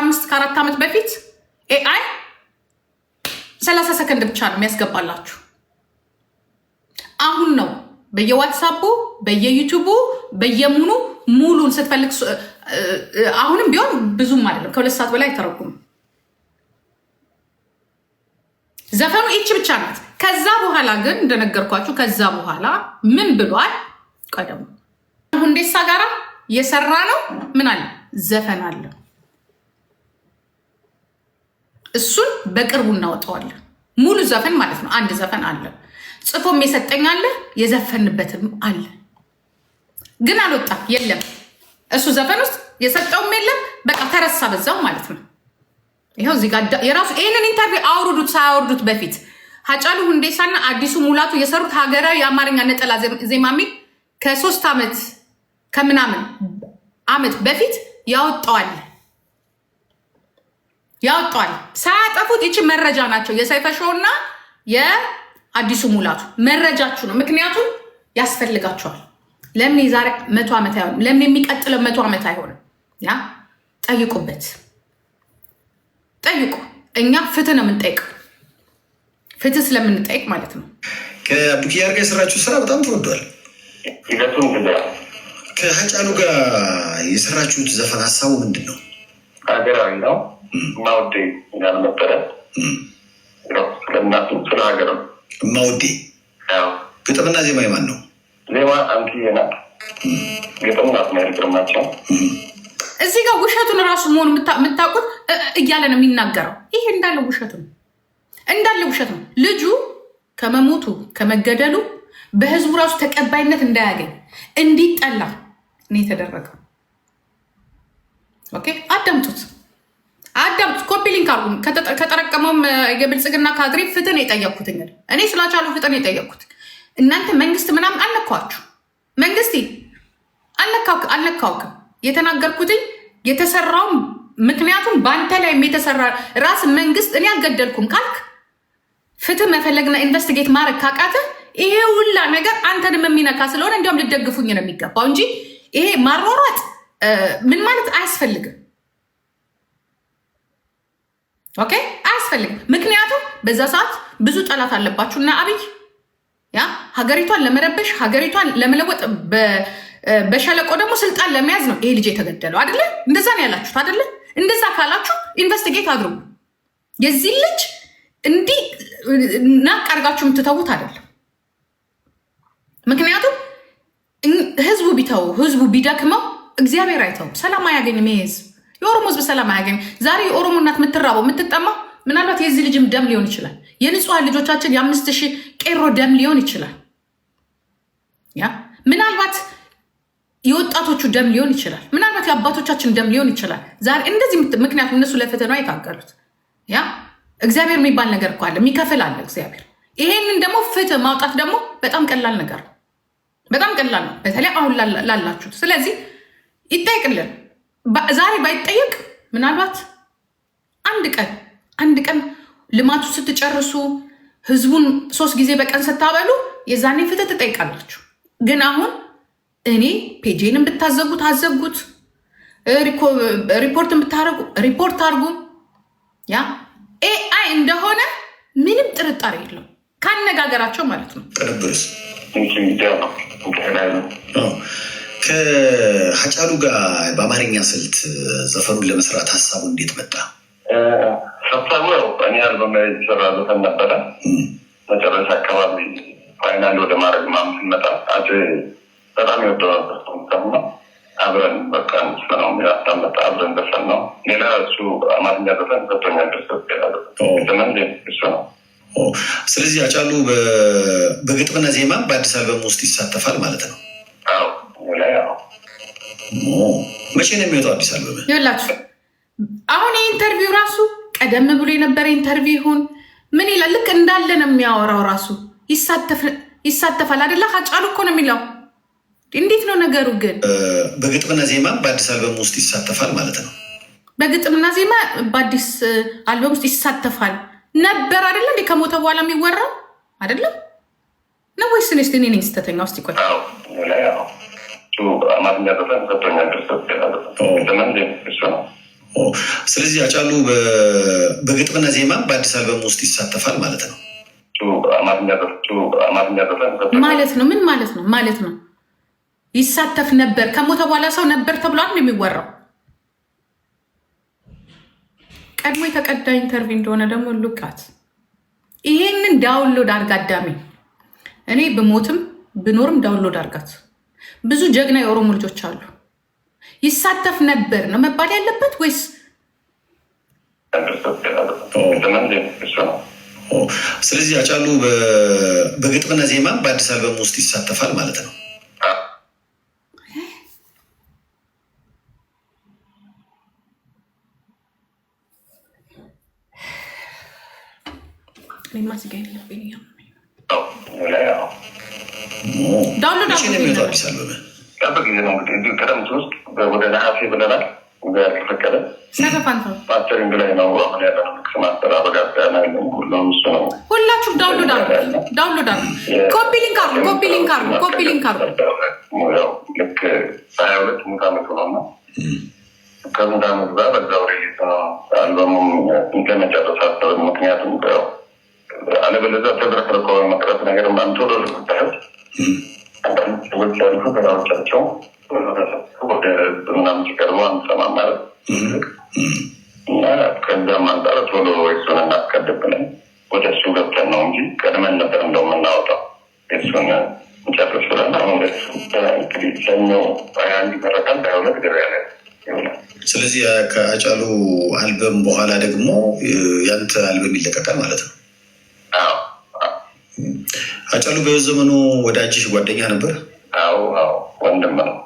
አምስት ከአራት ዓመት በፊት ኤአይ ሰላሳ ሰከንድ ብቻ ነው የሚያስገባላችሁ። አሁን ነው በየዋትሳፑ በየዩቱቡ በየሙኑ ሙሉን ስትፈልግ። አሁንም ቢሆን ብዙም አይደለም ከሁለት ሰዓት በላይ አይተረጉም። ዘፈኑ ይቺ ብቻ ናት። ከዛ በኋላ ግን እንደነገርኳችሁ ከዛ በኋላ ምን ብሏል? ቀደሙ ሁንዴሳ ጋራ የሰራ ነው ምን አለ ዘፈን አለ እሱን በቅርቡ እናወጣዋለን። ሙሉ ዘፈን ማለት ነው። አንድ ዘፈን አለ፣ ጽፎም የሰጠኝ አለ፣ የዘፈንበትም አለ። ግን አልወጣም፣ የለም እሱ ዘፈን ውስጥ የሰጠውም የለም። በቃ ተረሳ በዛው ማለት ነው። ይኸው እዚህ ጋር የራሱ ይህንን ኢንተርቪው አውርዱት። ሳያወርዱት በፊት ሀጫሉ ሁንዴሳና አዲሱ ሙላቱ የሰሩት ሀገራዊ የአማርኛ ነጠላ ዜማ ሚል ከሶስት ዓመት ከምናምን ዓመት በፊት ያወጣዋል። ያወጣዋል። ሳያጠፉት ይቺ መረጃ ናቸው። የሰይፈሾው የአዲሱ ሙላቱ መረጃችሁ ነው። ምክንያቱም ያስፈልጋቸዋል። ለምን የዛሬ መቶ ዓመት አይሆንም? ለምን የሚቀጥለው መቶ ዓመት አይሆንም? ያ ጠይቁበት፣ ጠይቁ። እኛ ፍትህ ነው የምንጠይቀው፣ ፍትህ ስለምንጠይቅ ማለት ነው። ከቡኪያር ጋር የሰራችሁ ስራ በጣም ተወዷል። ከሀጫሉ ጋር የሰራችሁት ዘፈን ሀሳቡ ምንድን ነው? ሀገራዊ ነው ማውዴ ይላል ነበረ። ስለእናቱ ስለ ሀገር ነው ማውዴ። ግጥምና ዜማ የማን ነው? ዜማ አንትዬ ናት። ግጥም ናት ማሪ ግርማቸው። እዚህ ጋር ውሸቱን እራሱ መሆኑ የምታውቁት እያለ ነው የሚናገረው። ይሄ እንዳለ ውሸት ነው፣ እንዳለ ውሸት ነው። ልጁ ከመሞቱ ከመገደሉ በህዝቡ ራሱ ተቀባይነት እንዳያገኝ እንዲጠላ ነው የተደረገው ኦኬ አዳምጡት፣ አዳምጡት። ኮፒ ሊንክ አርጉ። ከጠረቀመውም የብልጽግና ካድሬ ፍትህን የጠየቅኩት እንግዲህ እኔ ስላቻሉ ፍትህን የጠየቅኩት እናንተ መንግስት ምናምን አልነካዋችሁ። መንግስት አልነካውክም። የተናገርኩትኝ የተሰራውም ምክንያቱም በአንተ ላይ የተሰራ ራስ መንግስት እኔ አልገደልኩም ካልክ ፍትህ መፈለግና ኢንቨስቲጌት ማድረግ ካቃትህ ይሄ ሁላ ነገር አንተንም የሚነካ ስለሆነ እንዲያውም ልደግፉኝ ነው የሚገባው እንጂ ይሄ ማሯሯጥ ምን ማለት አያስፈልግም። ኦኬ አያስፈልግም። ምክንያቱም በዛ ሰዓት ብዙ ጠላት አለባችሁ እና አብይ ያ ሀገሪቷን ለመረበሽ ሀገሪቷን ለመለወጥ በሸለቆ ደግሞ ስልጣን ለመያዝ ነው ይሄ ልጅ የተገደለው አደለ? እንደዛ ነው ያላችሁት አደለ? እንደዛ ካላችሁ ኢንቨስቲጌት አድርጉ። የዚህ ልጅ እንዲህ ናቅ አድርጋችሁ የምትተዉት አደለም። ምክንያቱም ህዝቡ ቢተው ህዝቡ ቢደክመው እግዚአብሔር አይተው ሰላም አያገኝም። ይሄ የኦሮሞ ህዝብ ሰላም አያገኝም። ዛሬ የኦሮሞ እናት የምትራበው የምትጠማ ምናልባት የዚህ ልጅም ደም ሊሆን ይችላል። የንጹሐን ልጆቻችን የአምስት ሺህ ቄሮ ደም ሊሆን ይችላል። ያ ምናልባት የወጣቶቹ ደም ሊሆን ይችላል። ምናልባት የአባቶቻችን ደም ሊሆን ይችላል። ዛሬ እንደዚህ ምክንያቱም እነሱ ለፈተና የታገሉት ያ እግዚአብሔር የሚባል ነገር እኮ አለ፣ የሚከፍል አለ እግዚአብሔር። ይሄንን ደግሞ ፍትህ ማውጣት ደግሞ በጣም ቀላል ነገር ነው፣ በጣም ቀላል ነው፣ በተለይ አሁን ላላችሁት። ስለዚህ ይጠየቅልን ዛሬ ባይጠየቅ ምናልባት አንድ ቀን አንድ ቀን ልማቱ ስትጨርሱ ህዝቡን ሶስት ጊዜ በቀን ስታበሉ የዛኔ ፍትህ ትጠይቃላችሁ። ግን አሁን እኔ ፔጄንም ብታዘጉት አዘጉት፣ ሪፖርትን ብታረጉ ሪፖርት አድርጉ። ያ ኤአይ እንደሆነ ምንም ጥርጣሬ የለው ካነጋገራቸው ማለት ነው። ከሀጫሉ ጋር በአማርኛ ስልት ዘፈኑን ለመስራት ሀሳቡ እንዴት መጣ? ሀሳቡ ያው እኔ አልበም ላይ የተሰራ ዘፈን ነበረ። መጨረሻ አካባቢ ፋይናል ወደ ማድረግ ምናምን ስንመጣ አጭ በጣም የወደዋል ሰሙ አብረን በቃ ነው ያዳመጠ አብረን ዘፈን ነው። ሌላ እሱ አማርኛ ዘፈን ከቶኛ ዘፈኛል ዘመን እሱ ነው። ስለዚህ አጫሉ በግጥምና ዜማ በአዲስ አበባ ውስጥ ይሳተፋል ማለት ነው። መቼ ነው የሚወጣው አዲስ አልበም? ይኸውላችሁ አሁን የኢንተርቪው ራሱ ቀደም ብሎ የነበረ ኢንተርቪው ይሁን ምን ይላል? ልክ እንዳለ ነው የሚያወራው። ራሱ ይሳተፋል አደላ ሀጫሉ እኮ ነው የሚለው። እንዴት ነው ነገሩ ግን? በግጥምና ዜማ በአዲስ አልበም ውስጥ ይሳተፋል ማለት ነው። በግጥምና ዜማ በአዲስ አልበም ውስጥ ይሳተፋል ነበር አደለ እንዴ? ከሞተ በኋላ የሚወራው አደለም ነው ወይስ? ኔ ስተተኛ ውስጥ ይቆይ አማርኛ ሰጥቶኛል። ስለዚህ አጫሉ በግጥምና ዜማ በአዲስ አልበም ውስጥ ይሳተፋል ማለት ነው። ማለት ነው ምን ማለት ነው ማለት ነው ይሳተፍ ነበር። ከሞተ በኋላ ሰው ነበር ተብሏል ነው የሚወራው። ቀድሞ የተቀዳ ኢንተርቪው እንደሆነ ደግሞ ሉቃት ይሄንን ዳውንሎድ አርጋ አዳሜ እኔ ብሞትም ብኖርም ዳውንሎድ አርጋት ብዙ ጀግና የኦሮሞ ልጆች አሉ። ይሳተፍ ነበር ነው መባል ያለበት ወይስ ስለዚህ አጫሉ በግጥምና ዜማ በአዲስ አልበም ውስጥ ይሳተፋል ማለት ነው። ማስገኝ ዳውንሎድ ነው ውስጥ ወደ ነሐሴ ሁላችሁም ዳውንሎድ አሉ ዳውንሎድ አሉ። ኮፒ ሊንክ አሉ ኮፒ ሊንክ አሉ ኮፒ ሊንክ አሉ። ልክ ሀያ ሁለት ሙት አመት ሆኖ ከሙት አመት ጋር በዛው ሬሊዝ ነው አልበሙም ለመጨረስ ምክንያቱም ያው አለበለዛ መቅረት ነገር ምናምን ቶሎ ሰዎች ያሉ ወደ ምናምን ሲቀርቡ አንሰማም ማለት እና ከዚያም አንጻር ቶሎ እሱን ወደ እሱ ገብተን ነው እንጂ ቀድመን ነበር እንደው የምናወጣው እሱን እንጨርስ ብለን አሁን እንግዲህ ሰኞ አንድ ይመረቃል ገበያ ላይ ስለዚህ ከአጫሉ አልበም በኋላ ደግሞ ያንተ አልበም ይለቀቃል ማለት ነው አጫሉ በህይወት ዘመኑ ወዳጅሽ ጓደኛ ነበር? አዎ፣ አዎ ወንድም ነው።